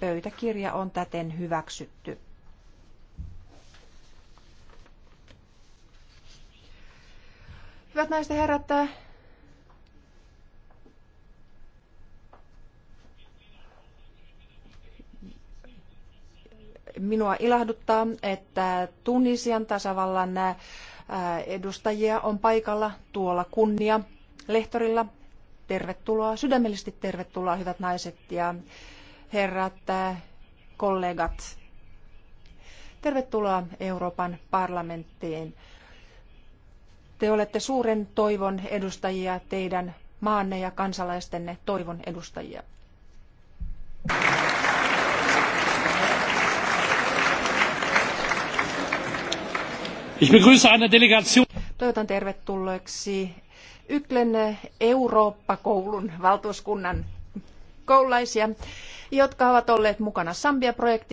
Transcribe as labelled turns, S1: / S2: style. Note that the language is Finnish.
S1: Pöytäkirja on täten hyväksytty. Hyvät naiset herättää. minua ilahduttaa, että Tunisian tasavallan edustajia on paikalla tuolla kunnia lehtorilla. Tervetuloa, sydämellisesti tervetuloa hyvät naiset ja herrat, äh, kollegat. Tervetuloa Euroopan parlamenttiin. Te olette suuren toivon edustajia, teidän maanne ja kansalaistenne toivon edustajia.
S2: Ich begrüße eine Delegation.
S1: Toivotan tervetulleeksi Yklen Eurooppa-koulun valtuuskunnan koululaisia, jotka ovat
S3: olleet mukana Sambia-projektissa